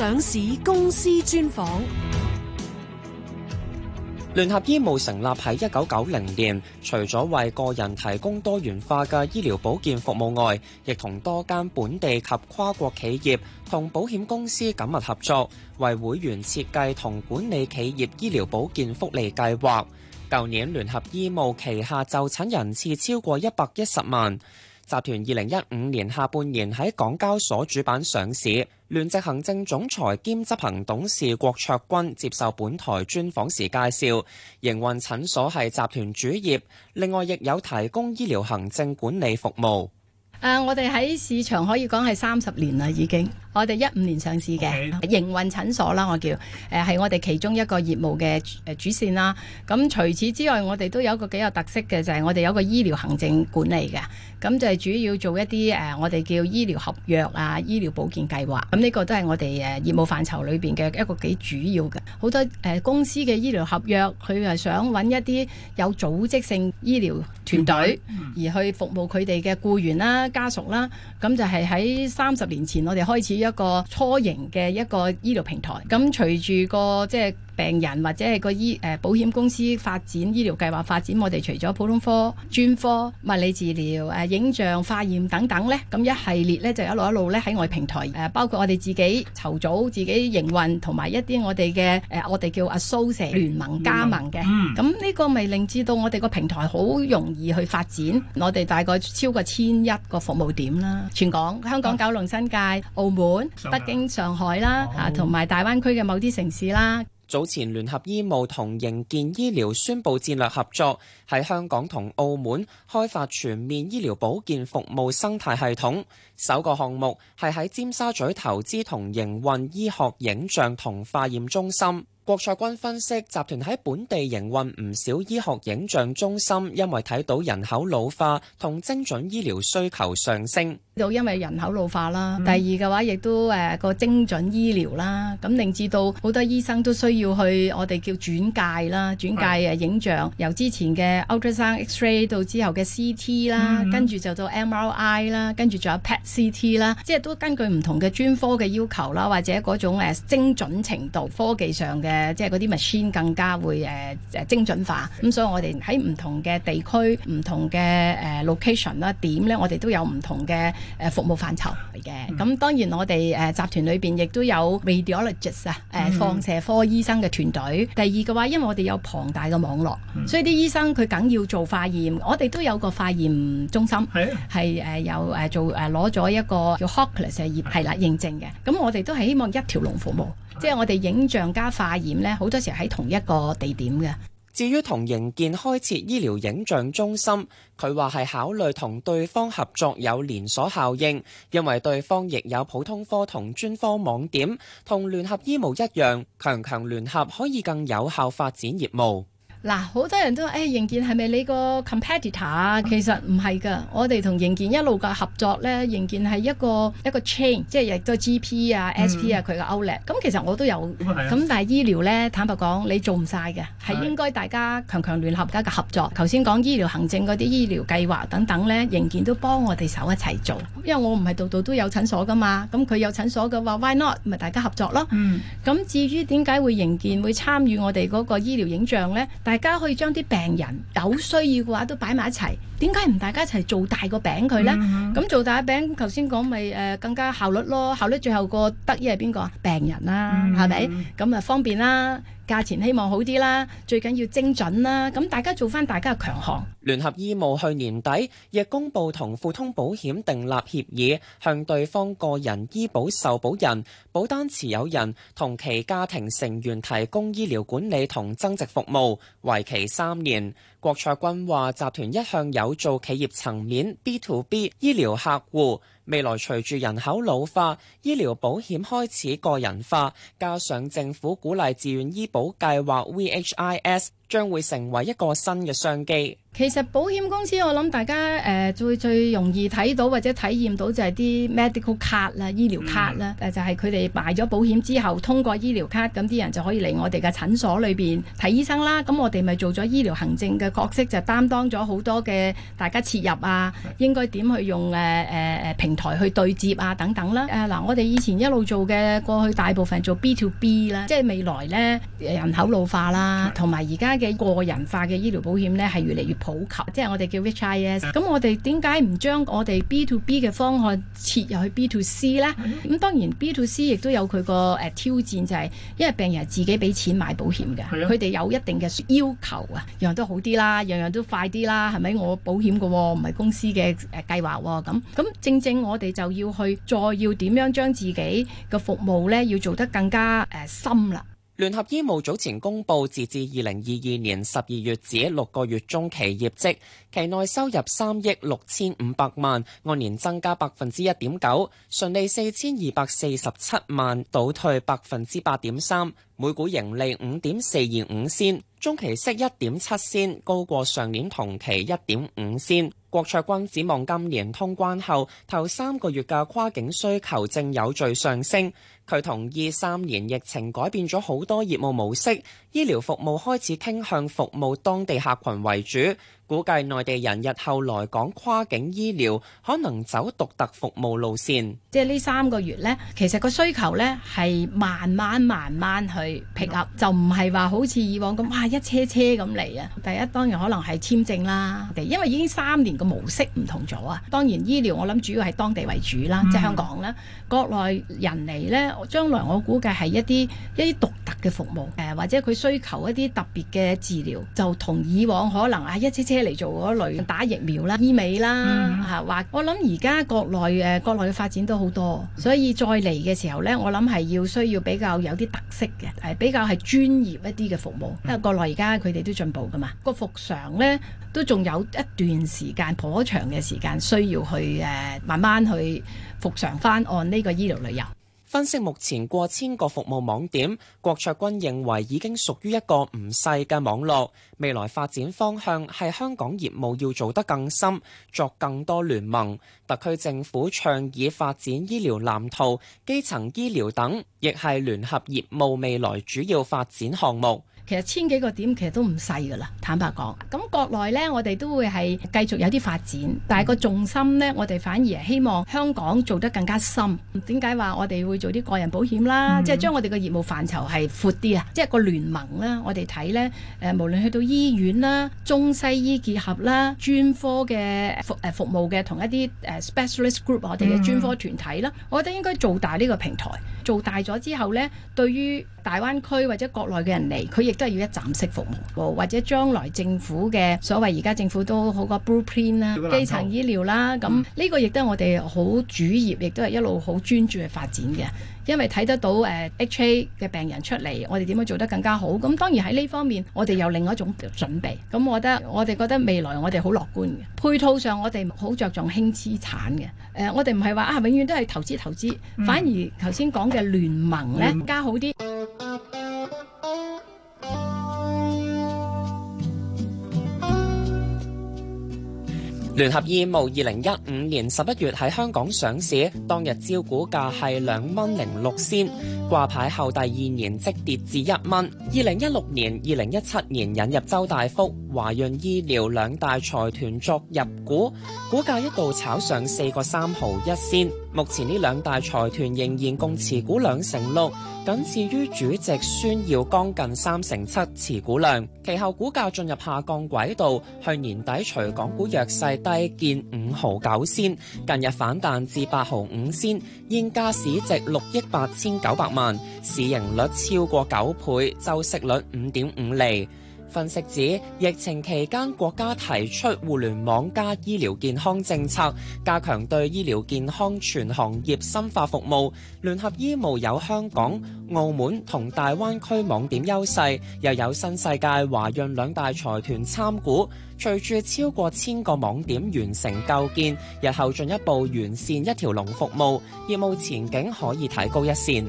上市公司專訪。聯合醫務成立喺一九九零年，除咗為個人提供多元化嘅醫療保健服務外，亦同多間本地及跨國企業同保險公司緊密合作，為會員設計同管理企業醫療保健福利計劃。舊年聯合醫務旗下就診人次超過一百一十萬。集團二零一五年下半年喺港交所主板上市。聯席行政總裁兼執行董事郭卓君接受本台專訪時介紹，營運診所係集團主業，另外亦有提供醫療行政管理服務。誒、啊，我哋喺市場可以講係三十年啦，已經。我哋一五年上市嘅營運診所啦，我叫誒係我哋其中一個業務嘅誒主線啦。咁除此之外，我哋都有一個幾有特色嘅，就係、是、我哋有個醫療行政管理嘅。咁就係主要做一啲誒我哋叫醫療合約啊、醫療保健計劃，咁呢個都係我哋誒業務範疇裏邊嘅一個幾主要嘅。好多誒公司嘅醫療合約佢係想揾一啲有組織性醫療團隊而去服務佢哋嘅僱員啦、家屬啦。咁就係喺三十年前，我哋開始。一個初型嘅一個醫療平台，咁隨住個即係。病人或者係個醫誒，保險公司發展醫療計劃發展，我哋除咗普通科、專科、物理治療、誒、啊、影像、化驗等等呢咁一系列呢就一路一路咧喺我哋平台誒、啊，包括我哋自己籌組、自己營運同埋一啲我哋嘅誒，我哋叫 associate 聯盟加盟嘅，咁呢、嗯、個咪令至到我哋個平台好容易去發展，我哋大概超過千一個服務點啦，全港、香港、九龍、新界、oh. 澳門、北京、上海啦，同、oh. 埋、啊、大灣區嘅某啲城市啦。早前聯合醫務同盈健醫療宣布戰略合作，喺香港同澳門開發全面醫療保健服務生態系統。首個項目係喺尖沙咀投資同營運醫學影像同化驗中心。郭卓君分析，集團喺本地營運唔少醫學影像中心，因為睇到人口老化同精準醫療需求上升。就因為人口老化啦、嗯，第二嘅話亦都誒個精準醫療啦，咁令至到好多醫生都需要去我哋叫轉介啦，轉介誒影像、嗯，由之前嘅 ultrasound、X-ray 到之後嘅 CT 啦、嗯嗯，跟住就到 MRI 啦，跟住仲有 PET、CT 啦，即係都根據唔同嘅專科嘅要求啦，或者嗰種誒精準程度、科技上嘅。誒、呃，即係嗰啲 machine 更加會誒誒、呃、精準化，咁、嗯、所以我哋喺唔同嘅地區、唔同嘅誒、呃、location 啦、啊、點咧，我哋都有唔同嘅誒、呃、服務範疇嚟嘅。咁、嗯嗯、當然我哋誒、呃、集團裏邊亦都有 radiologists 啊、呃，誒放射科醫生嘅團隊。嗯、第二嘅話，因為我哋有龐大嘅網絡，嗯、所以啲醫生佢梗要做化驗，我哋都有個化驗中心，係誒有誒做誒攞咗一個叫 HOKLAS 嘅係啦認證嘅。咁、嗯、我哋都係希望一條龍服務。即係我哋影像加化驗咧，好多時喺同一個地點嘅。至於同盈健開設醫療影像中心，佢話係考慮同對方合作有連鎖效應，因為對方亦有普通科同專科網點，同聯合醫務一樣，強強聯合可以更有效發展業務。嗱，好多人都話，誒、哎，營健係咪你個 competitor 啊？其實唔係噶，我哋同營健一路嘅合作咧，營健係一個一個 chain，即係亦都 GP 啊、SP 啊佢嘅 outlet。咁其實我都有，咁、嗯、但係醫療咧，坦白講，你做唔晒嘅，係應該大家強強聯合加個合作。頭先講醫療行政嗰啲醫療計劃等等咧，營健都幫我哋手一齊做，因為我唔係度度都有診所噶嘛，咁佢有診所嘅話，why not？咪大家合作咯。咁、嗯嗯、至於點解會營健會參與我哋嗰個醫療影像咧？大家可以將啲病人有需要嘅話，都擺埋一齊。點解唔大家一齊做大個餅佢呢？咁、嗯嗯、做大餅，頭先講咪誒更加效率咯？效率最後個得益係邊個？病人啦，係咪？咁、嗯、啊、嗯、方便啦，價錢希望好啲啦，最緊要精準啦。咁大家做翻大家嘅強項。聯合醫務去年底亦公布同富通保險訂立協議，向對方個人醫保受保人、保單持有人同其家庭成員提供醫療管理同增值服務，為期三年。郭卓君話：集團一向有。做企業層面 B to B 醫療客戶。未來隨住人口老化，醫療保險開始個人化，加上政府鼓勵自願醫保計劃 （VHIS），將會成為一個新嘅商機。其實保險公司我諗大家誒、呃、最最容易睇到或者體驗到就係啲 medical card 啦、醫療卡啦、嗯，誒就係佢哋賣咗保險之後，通過醫療卡，咁啲人就可以嚟我哋嘅診所裏邊睇醫生啦。咁我哋咪做咗醫療行政嘅角色，就擔當咗好多嘅大家切入啊，應該點去用誒誒誒平。呃台去對接啊等等啦，嗱、啊，我哋以前一路做嘅過去大部分做 B to B 啦，即係未來咧，人口老化啦，同埋而家嘅個人化嘅醫療保險咧係越嚟越普及，即係我哋叫 HIS。咁我哋點解唔將我哋 B to B 嘅方案切入去 B to C 咧？咁當然 B to C 亦都有佢個誒挑戰，就係因為病人係自己俾錢買保險嘅，佢哋有一定嘅要求啊，樣樣都好啲啦，樣樣都快啲啦，係咪？我保險嘅喎，唔係公司嘅誒計劃喎，咁、呃、咁、喔、正正。我哋就要去再要點樣將自己嘅服務咧，要做得更加誒深啦。聯合醫務早前公布截至二零二二年十二月止六個月中期業績，期內收入三億六千五百萬，按年增加百分之一點九，純利四千二百四十七萬，倒退百分之八點三，每股盈利五點四二五仙，中期息一點七仙，高過上年同期一點五仙。郭卓君指望今年通關後頭三個月嘅跨境需求正有序上升。佢同意三年疫情改變咗好多業務模式，醫療服務開始傾向服務當地客群為主。估計內地人日後來港跨境醫療可能走獨特服務路線，即係呢三個月咧，其實個需求咧係慢慢慢慢去平衡，就唔係話好似以往咁哇一車車咁嚟啊。第一當然可能係簽證啦，因為已經三年個模式唔同咗啊。當然醫療我諗主要係當地為主啦、嗯，即係香港啦，國內人嚟咧。將來我估計係一啲一啲獨特嘅服務，誒或者佢需求一啲特別嘅治療，就同以往可能喺一車車嚟做嗰類打疫苗啦、醫美啦，吓、嗯、話我諗而家國內誒、呃、國內嘅發展都好多，所以再嚟嘅時候呢，我諗係要需要比較有啲特色嘅，誒、呃、比較係專業一啲嘅服務。因為國內而家佢哋都進步噶嘛，個復常呢都仲有一段時間，頗長嘅時間需要去誒、呃、慢慢去復常翻按呢個醫療旅遊。分析目前過千個服務網點，郭卓君認為已經屬於一個唔細嘅網絡。未來發展方向係香港業務要做得更深，作更多聯盟。特區政府倡議發展醫療藍圖、基層醫療等，亦係聯合業務未來主要發展項目。其實千幾個點其實都唔細噶啦，坦白講。咁國內呢，我哋都會係繼續有啲發展，但係個重心呢，我哋反而係希望香港做得更加深。點解話我哋會做啲個人保險啦？Mm -hmm. 即係將我哋嘅業務範疇係闊啲啊！即係個聯盟啦，我哋睇呢，誒，無論去到醫院啦、中西醫結合啦、專科嘅服誒服務嘅同一啲誒 specialist group，我哋嘅專科團體啦，mm -hmm. 我覺得應該做大呢個平台。做大咗之後呢，對於大灣區或者國內嘅人嚟，佢亦都係要一站式服務，或者將來政府嘅所謂而家政府都好個 blueprint 啦，基層醫療啦，咁、嗯、呢個亦都係我哋好主業，亦都係一路好專注去發展嘅。因為睇得到誒、呃、HA 嘅病人出嚟，我哋點樣做得更加好？咁當然喺呢方面，我哋有另外一種準備。咁我覺得我哋覺得未來我哋好樂觀嘅。配套上我哋好着重輕資產嘅。誒，我哋唔係話啊永遠都係投資投資，反而頭先講嘅聯盟咧加好啲。聯合醫務二零一五年十一月喺香港上市，當日招股價係兩蚊零六仙。掛牌後第二年即跌至一蚊。二零一六年、二零一七年引入周大福、華潤醫療兩大財團作入股，股價一度炒上四個三毫一仙。目前呢兩大財團仍然共持股兩成六，僅次於主席孫耀江近三成七持股量。其後股價進入下降軌道，去年底除港股弱勢得。低見五毫九仙，近日反彈至八毫五仙，現價市值六億八千九百萬，市盈率超過九倍，周息率五點五厘。分析指，疫情期間國家提出互聯網加醫療健康政策，加強對醫療健康全行業深化服務。聯合醫務有香港、澳門同大灣區網點優勢，又有新世界、華潤兩大財團參股。隨住超過千個網點完成構建，日後進一步完善一條龍服務，業務前景可以提高一綫。